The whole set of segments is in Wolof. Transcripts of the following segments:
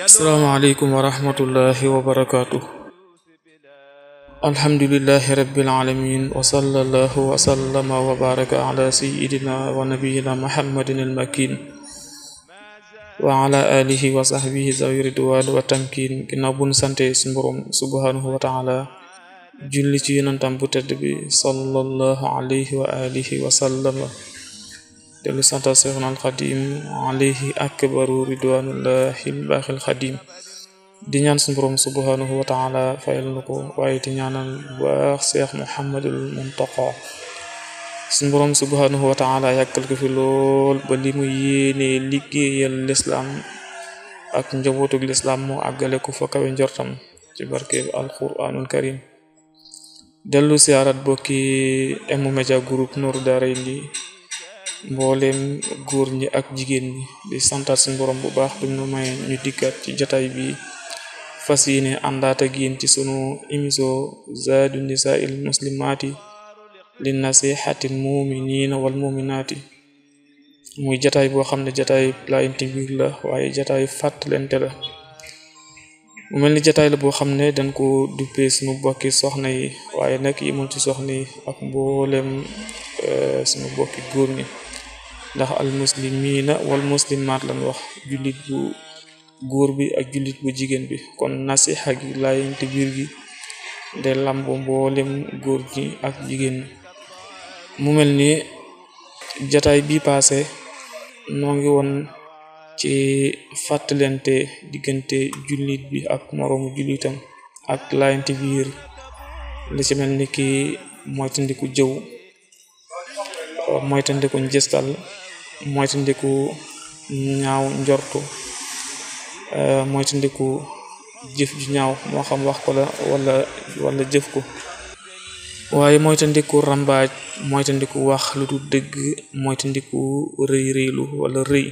asalaamaaleykum wa rahmatullahi wa barakaatu. alhamdulilahi rabbil alamin wa sallallahu wa sallama wa baraka ala sayidina wa nabiyina muhammadin almakin wa ala alihi wa sahbihi zawi ridwan wa tamkin ginnaaw bu nu sante suñu borom subhanahu wa taala julli ci yonentam bu tedd bi sallallahu alayhi wa alihi wa sallama dellu santa seexna alxadim alayhi akbaru ridwanullahi albaaxil xadim di ñaan suñu borom subhanahu wa taala fayal na ko waaye di ñaanal bu baax muhammadul muntaqa suñu borom subhanahu wa taala ko fi lool ba li liggéeyal lislaam ak njabootug lislaam moo àggale ko fa kawe njortam ci barkeeb alquranul karim dellu siyaarat bokki M-Media Group Nour Daarayni mbooleem góor ñi ak jigéen ñi di santaat suñ borom bu baax bi mu may ñu dikkaat ci jataay bi fas yéene àndaat ak yéen ci sunu émission zaadu nisaa'il muslimaati li nasihati muminina wal muminaati muy jataay boo xam ne jataay laayante biir la waaye jataay fàttalente la mu mel ni jataay la boo xam ne dañ ko duppee suñu bokki soxna yi waaye nag yimul ci soxna yi ak mbooleem euh, sunu bokki góor ndax al muslimiina wal muslimaat lan wax jullit bu góor bi ak julit bu jigéen bi kon nasiha gi laayante biir gi de lamb mboolem góor gi ak jigéen mu mel ni jataay bi paase noo ngi woon ci fàttalente diggante jullit bi ak moroomu jullitam ak laayante biir li ci mel ni ki moytandiku jëw moytandiku njëstal mooy ndiku ñaaw njortu euh, mooy ndiku jëf ju ñaaw moo xam wax ko la wala jëf ko waaye mooy te ndiku rambaaj mooy ndiku wax lu du dëgg mooy ndiku rëy rëylu wala rëy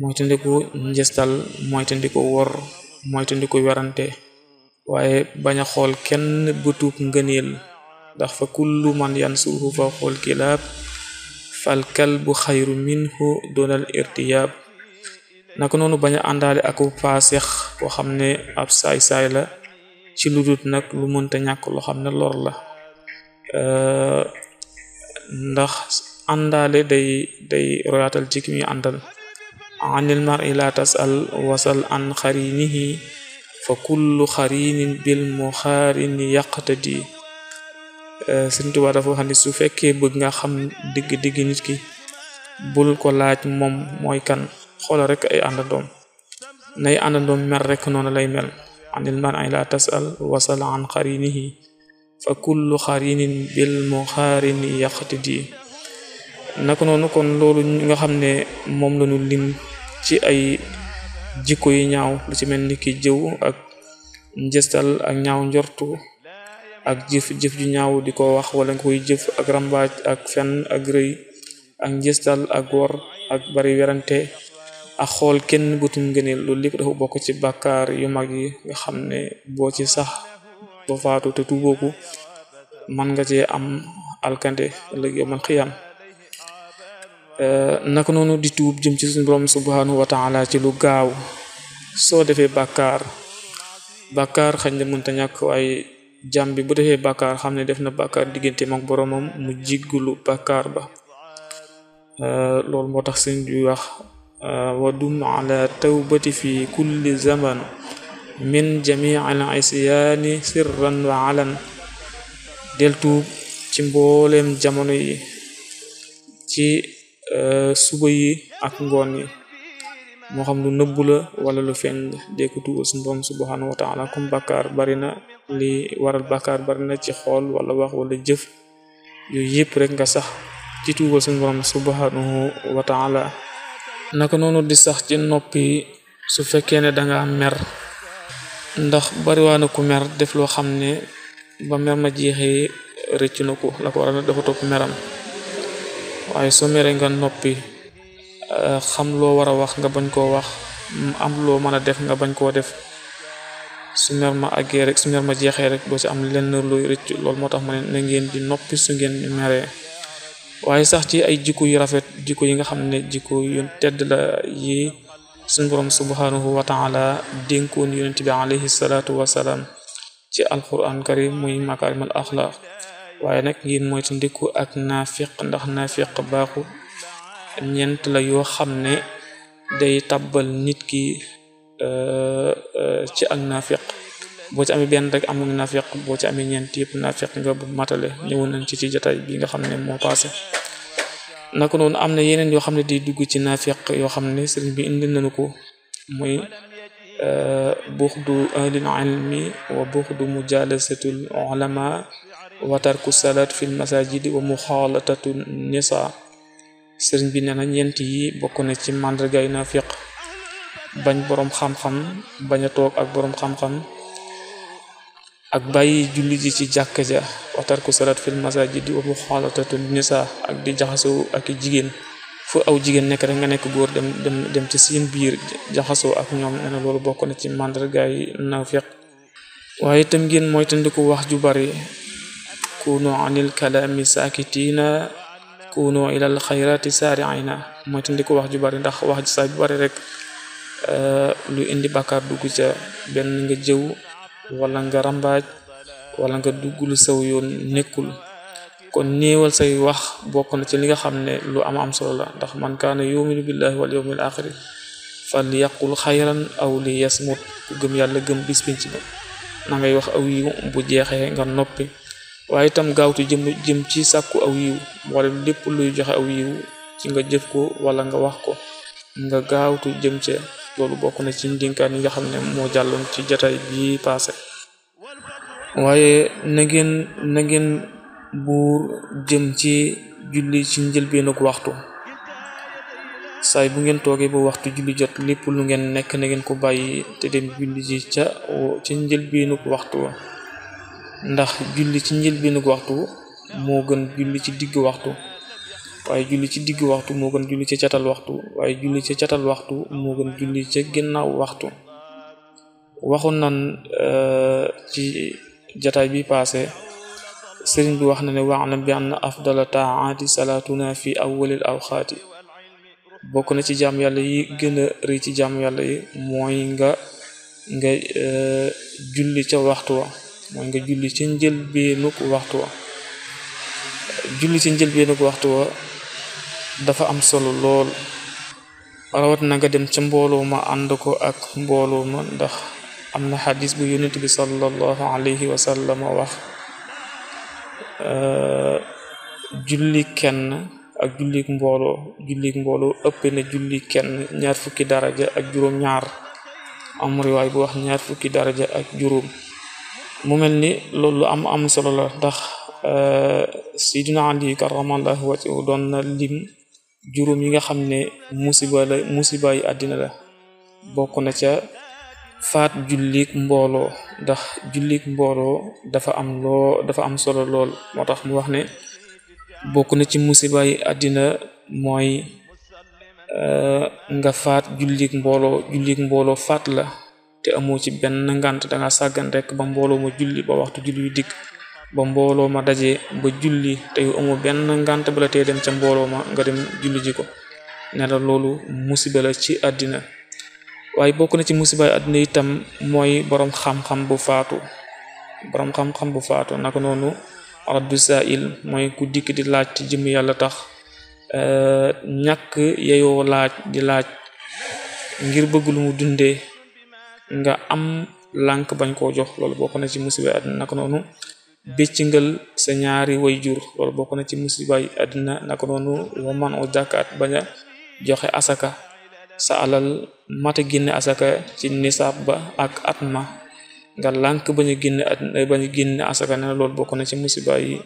mooy ndiku njëstal mooy te ndiku wor mooy ndiku werante waaye baña xool kenn bëtub ngëneel ndax fa kullu man suufu fa xool kilaab falkalbu xayru minhu doonal irtiyaab naka noonu bañ a àndaale ak paasex koo xam ne ab saay-saay la ci ludut dut nag lu mënta ñàkk loo xam ne lor la ndax àndaale day day royaatal ci ki muy àndal anil mar i la tasal wasal an xarinihi fa kullu xarinin bil muxaarini yaqtadi Eh, Sëñ Tuubaa dafa wax su fekkee bëgg nga xam digg digg nit ki bul ko laaj moom mooy kan xoola rek ay àndandoom nay àndandoom mel rek noonu lay mel anil man ay la tasal wasal an xarinihi fa kullu xarinin bil mu xarini yaqtidi naka noonu kon loolu nga xam ne moom lañu lim ci ay jikko yu ñaaw lu ci mel ni ki jëw ak njëstal ak ñaaw njortu ak jëf jëf ju ñaaw di ko wax wala nga koy jëf ak rambaaj ak fen ak rëy ak njëstal ak wor ak bari werante a xool kenn bëtum ngëneel loolu lépp dafa bokk ci bàkkaar yu mag yi nga xam ne boo ci sax ba faatu te tuubooku man nga cee am alkande ëllëg yow man xiyam eh, naka noonu di tuub jëm ci suñu borom subhanahu ci lu gaaw soo defee bàkkaar bàkkaar xañ na mënta ñàkk waaye jàm bi bu defee bàkkaar xam ne def na bàkkaar diggante mag boromam mu jiggulu bakkar ba euh, loolu moo tax sëñ bi wax euh, wa dum ala tawbati fi kulli zaman min jamii al isyaani sirran wa alan del ci mboolem jamono ci euh, suba yi ak ngoon yi moo xam lu nëbbu la wala lu feeñ la dee ko tuubal suñu borom subhanahu wa taala comme bàkkaar bari na li waral bàkkaar bari na ci xool wala wax wala jëf yooyu yëpp rek nga sax ci tuubal suñu borom subhanahu wa taala naka noonu di sax ci noppi su fekkee ne danga mer ndax bariwaana ku mer def loo xam ne ba mer ma jeexee rëcc na ko la waral na dafa topp meram waaye soo meree nga noppi Euh, xam loo war a wax nga bañ koo wax mm, am loo mën a def nga bañ koo def su mer ma àggee rek su mer ma jeexee rek doo ci am lenn luy rëcc lool moo tax ma ne na ngeen di noppi su ngeen meree waaye sax ci ay jikko yu rafet jikko yi nga xam ne jikko yu tedd la yi suñu borom subhanahu wa taala dénkoon yonent bi alayhi salaatu wasalaam ci alquran karim muy makaarimal axlaaq waaye nag ngeen moytu ndikku ak naafiq ndax naafiq baaxu ñeent la yoo xam ne day tabbal nit ki euh, euh, ci ak naafiq boo ci am benn rek amul naafiq boo ci amee ñeent yëpp naafiq nga bu matale ñëwoon nañ ci ci jataay bi nga xam ne moo paase naka noonu am na yeneen yoo xam ne day dugg ci naafiq yoo xam ne sëriñ bi indi nañu ko mooy euh, buxdu ahlil ilmi wa buxdu mujalasatul ulama wa tarku salat fil masajidi wa muxaalatatu nisa sëriñ bi nee na ñeent yi bokk na ci màndargaay naafiq bañ boroom xam-xam bañ a toog ak boroom xam-xam ak bàyyi julli ji ci jàkka ja waxtar ku salat fil masajid wa muxaalatatu nisaa ak di jaxasoo ak jigéen fu aw jigéen nekk rek nga nekk góor dem dem dem ci seen biir jaxasoo ak ñoom nee na loolu bokk na ci màndargaay naafiq waaye itam ngeen mooy tandiku wax ju bari kunu anil kalaami kuunu ilal xayrati saari'ina moytandiku wax ju bari ndax wax ju saa bu bari rek eh, lu indi bàkkaar dugg ca benn nga jëw wala nga rambaaj wala nga dugg lu saw yoon nekkul kon niiwal say wax bokk na ci li nga xam ne lu am am solo la ndax man kaana yuminu billahi wal yawmil axiri fal yaqul xayran aw li yasmut gëm yàlla gëm bis ba na ngay wax aw yiw nga noppi waaye itam gaawtu jëm jëm ci sàkku aw yiw wala lépp luy joxe aw yiw ci nga jëf ko wala nga wax ko nga gaawtu jëm ca loolu bokk na ci ndénkaan yi nga xam ne moo jàlloon ci jataay bi paase waaye na ngeen na ngeen buur jëm ci julli ci njëlbeenug waxtu saay bu ngeen toogee ba waxtu julli jot lépp lu ngeen nekk na ngeen ko bàyyi te dem julli ji ca ca njëlbeenug waxtu wa ndax julli ci njëlbeenu waxtu moo gën julli ci digg waxtu waaye julli ci digg waxtu moo gën julli ci catal waxtu waaye julli ci catal waxtu moo gën julli ci ginnaaw waxtu waxoon nan euh, ci jataay bi paase sëriñ bi wax na ne wax na bi ann afdala taaati salaatuna fi aw awxaati bokk na ci jaam yàlla yi gën rëy ci jaam yàlla yi mooy nga nga euh, julli ca waxtu wa mooy nga julli ca njëlbeenug waxtu wa julli ca njëlbeenug waxtu wa dafa am solo lool rawat na nga dem ca mbooloo ma ànd ko ak mbooloo ma ndax am na xadis bu yonent bi sallallahu alayhi wa sallam wax julli kenn ak jullik mbooloo jullik mbooloo ëpp na julli kenn ñaar fukki daraja ak juróom ñaar am riwaay bu wax ñaar fukki daraja ak juróom mu mel ni loolu am am solo la ndax euh, Sayyidina Ali karramallahu wajhahu doon na lim juróom yi nga xam ne musiba la musiba yi àddina la bokk na ca faat jullik mbooloo ndax jullik mbooloo dafa am loo dafa am solo lool moo tax mu wax ne bokk na ci musiba yi àddina mooy euh, nga faat jullik mbooloo jullik mbooloo faat la te amoo ci benn ngant danga sàggan rek ba mbooloo ma julli ba waxtu julli yu dikk ba mbooloo ma dajee ba julli te amu benn ngant bala te dem ca mbooloo ma nga dem julli ji ko ne la loolu musiba ci àddina waaye bokk na ci musibaay àddina itam mooy boroom xam-xam bu faatu boroom xam-xam bu faatu naka noonu raddu mooy ku dikk di laaj ci jëmm yàlla tax eh, ñakk yeyoo laaj di laaj ngir bëgg mu dundee nga am lànk bañ koo jox loolu bokk na ci musiba àddina naka noonu béccingal sa ñaari way jur loolu bokk na ci musibay àddina naka noonu waman u zakat bañ joxe asaka sa alal mata génne asaka ci nisaab ba ak at ma nga lànk bañ a génne àddina bañ a génne asaka ne loolu bokk na ci musiba yi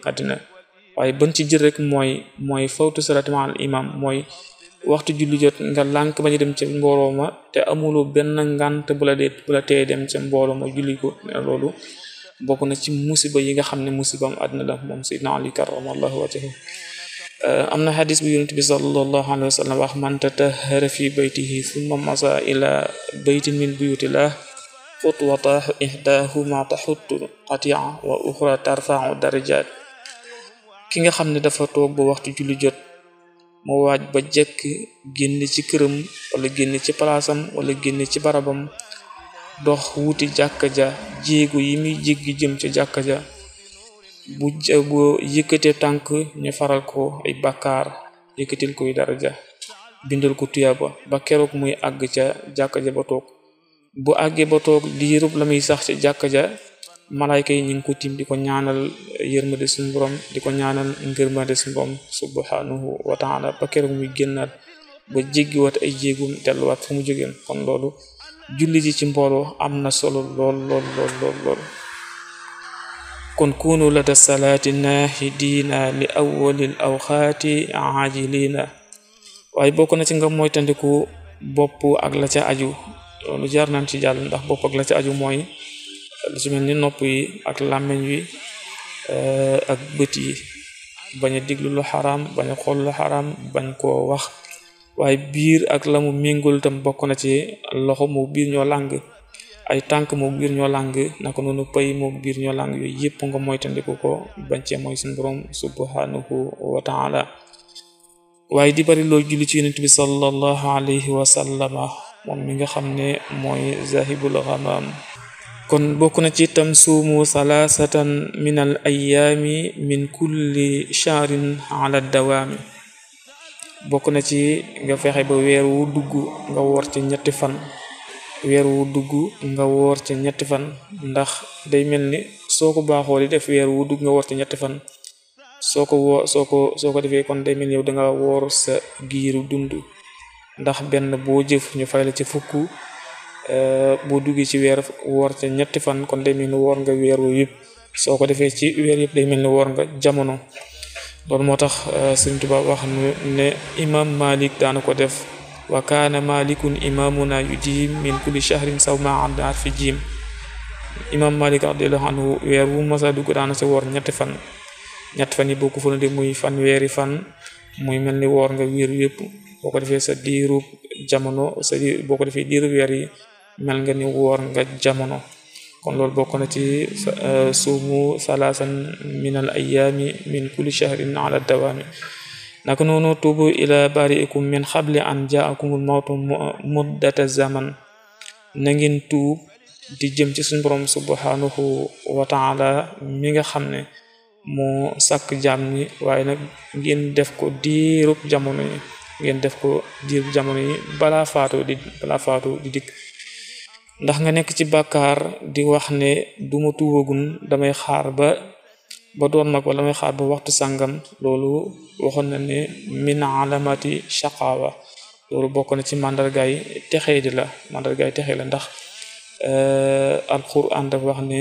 waaye ban ci jël rek mooy mooy fawtu salaati ma imam mooy waxtu julli jot nga ba bañu dem ca mbooloo ma te amuloo benn ngànt bu la dee bu la tee dem ca mbooloo julli ko loolu bokk na ci musiba yi nga xam ne musibam àddina la moom sayyidina ali karamallahu wajhahu euh, am na xadis bu yonent bi sallallahu alayhi wa sallam wax man tatahhara fi baytihi thumma masa ila baytin min buyutillah xutwata ihdahuma taxuttu qatia wa uxra tarfau darajat ki nga xam ne dafa toog ba waxtu julli jot mu waaj ba jëkk génn ci këram wala génn ci palaasam walla génn ci barabam dox wuti jàkka ja jéego yi muy jéggi jëm ca jàkka ja bu yëkkatee tànk ñu faral ko ay bàkkaar yëkkatil koy ja bindal ko tuyaaba ba keroog muy àgg ca jàkka ja ba toog bu àggee ba toog diirub la muy sax ca jàkka ja malayka yi ñu ngi ko tiim di ko ñaanal yërmande suñu borom di ko ñaanal ngërmande suñu borom subhanahu wa ba keroog muy génnaat ba jéggiwaat ay jéegum delluwaat fu mu jógeen kon loolu julli ji ci mbooloo am na solo lool lool lool lool lool kon kunu lada salaati naahidiina li awwalil awxaati ajilina waaye bokk na ci nga moytandiku bopp ak la ca aju loolu jaar ci jàll ndax bopp ak la ca aju mooy lu mel ni nopp yi ak làmmiñ wi eh, ak bët yi bañ a diglu lu xaraam bañ a xool lu xaraam bañ koo wax waaye biir ak la mu tam bokk na ci loxo moo biir ñoo làng ay tànk moo biir ñoo làng naka noonu pay moo biir ñoo làng yooyu yëpp nga moytandiku ko bañ cee mooy suñu wa taala waaye di bari loo julli ci yonent bi alayhi wa moom mi nga xam ne mooy zahibul ghamam kon bokk na ci itam suumu salaasatan min al ayaami min kulli shahrin ala dawaami bokk na ci nga fexe ba weer wu dugg nga woor ci ñett fan weer wu dugg nga woor ci ñetti fan ndax day mel ni soo ko baaxoo di def weer wu dugg nga woor ci ñetti fan soo ko ko soo ko defee kon day mel ni yow danga woor sa giiru dund ndax benn boo jëf ñu fay la ci fukk Eh, boo duggee ci weer woor ca ñetti fan kon day mel woor nga weer wu yëpp soo ko defee ci weer yëpp day mel ni woor nga jamono loolu moo tax eh, Sëriñ Tuubaa wax ne imam Malik daana ko def wa kaana saw ma fi jim imam Malik radiyallahu anhu weer wu masa dugg daana sa woor ñetti fan ñett fan yi boo ko fële muy fan weeri fan muy mel ni woor nga weer yëpp boo ko defee sa diirub jamono sa boo ko defee diirub weer yi mel nga ni nga jamono kon loolu bokk na ci euh, suumu salaasan min al ayaami min kulli shahrin ala dawaami naka noonu tuubu ila bariikum min xabli an jaakumul mawtu muddata zaman na ngeen tuub di jëm ci suñu borom subhanahu wa mi nga xam ne moo sàkk jaam ñi waaye nag ngeen def ko diirub jamono yi def ko diirub jamono yi balaa faatu ndax nga nekk ci bàkkaar di wax ne du ma tuubagun damay xaar ba ba doon mag wala damay xaar ba waxtu sàngam loolu waxoon na ne min alamati shaqawa loolu bokk na ci mandargaay texee di la mandargaay texe la ndax euh, alquran dafa wax ne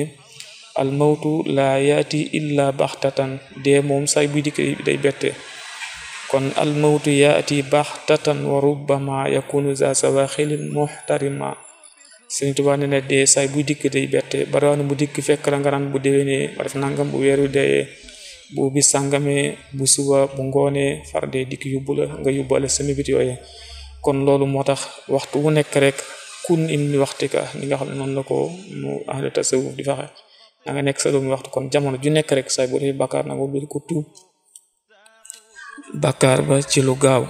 al mawtu laa yaati illa baxtatan dee moom say buy dikk day bette kon al mawtu yaati baxtatan wa rubbama yakunu za sawaxilin muxtarima Sëriñ Tuubaa nee na dee saay buy dikk day bette barawaana bu dikk fekk la nga naan bu déwénee ba def nangam bu weeru dee bu bis sàngamee bu suba bu ngoonee far dee dikk yóbbu la nga yóbbaale sami bit kon loolu moo tax waxtu wu nekk rek kun im ni waxtika ni nga xam ne ko mu ahlu tasawuf di faxe na nekk sa doomu waxtu kon jamono ju nekk rek saay boo defee bàkkaar na nga dul ko tuub bàkkaar ba ci lu gaaw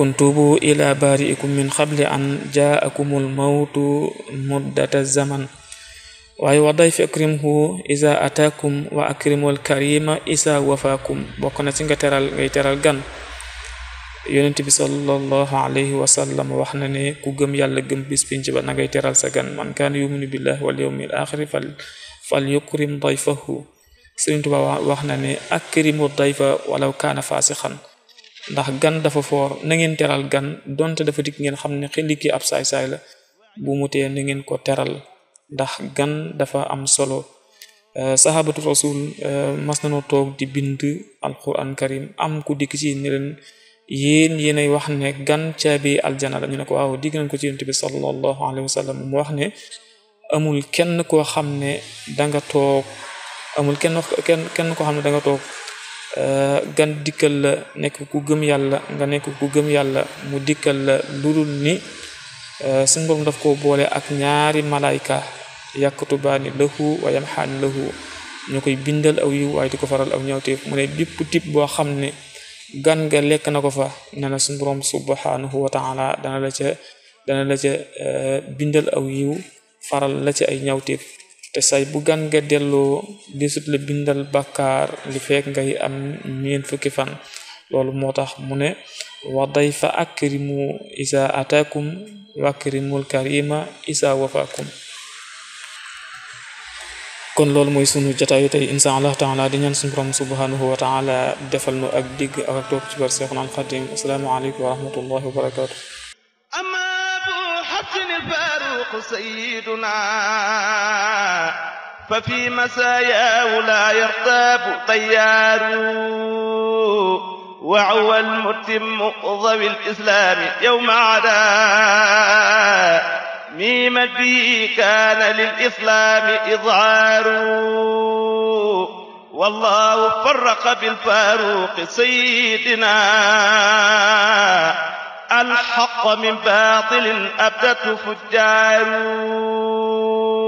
kon ila baariikum min xable an jaakumul mawtu muddata zaman waaye wa dayf akrimhu isa ataakum wa akrimul karima isa wafaakum bokk na teral ngay teral gan bi sallallahu alayhi wa sallam wax ku gëm yàlla gëm bis ba na teral sa man kaana yuminu billahi wal yawmil axiri fal yukrim dayfahu Sëriñ Tuubaa wax na akrimu dayfa walaw kaana faasixan ndax gan dafa foor na ngeen teral gan donte dafa dikk ngeen xam ne xeli ki ab saay-saay la bu mu tee na ngeen ko teral ndax gan dafa am solo euh, sahabatu rasul euh, mas na nanoo toog di bind alquran karim am ku dikk ci ne leen yéen yéenay wax ne gan caabi aljana la ñu ne ko waaw digg nañ ko ci yonent bi sallallahu alayhi wa sallam mu wax ne amul kenn koo xam ne danga toog amul kenn kenn kenn koo xam ne danga toog Eh, gan dikkal la nekk ku gëm yàlla nga nekk ku gëm yàlla mu dikkal la ludul ni eh, suñu borom daf koo boole ak ñaari malaayka yaktubaani lahu wa yamxaani ñu koy bindal aw yiw waaye di ko faral aw ñawteef mu ne bépp type boo xam ne gan nga lekk na ko fa ne na suñu borom subhanahu wa taala dana la ca dana la ca eh, bindal aw yiw faral la ca ay ñawteef te say bu gan nga delloo desut la bindal bàkkaar li fekk ngay am ñeen fukki fan loolu moo tax mu ne wa dayfa akrimu isa ataakum wa akrimul karima isa wafakum kon loolu mooy sunu jataayu tey insha allah taala di ñaan sunu borom subhanahu wa taala defal nu ak digg ak ak topp ci bar seexna al xadim aleykum wa wa barakatuh ففي مساياه لا يرتاب طيار وعوى المتم ضوي الإسلام يوم عدا ميم به كان للإسلام إظهار والله فرق بالفاروق سيدنا الحق من باطل أبدته فجار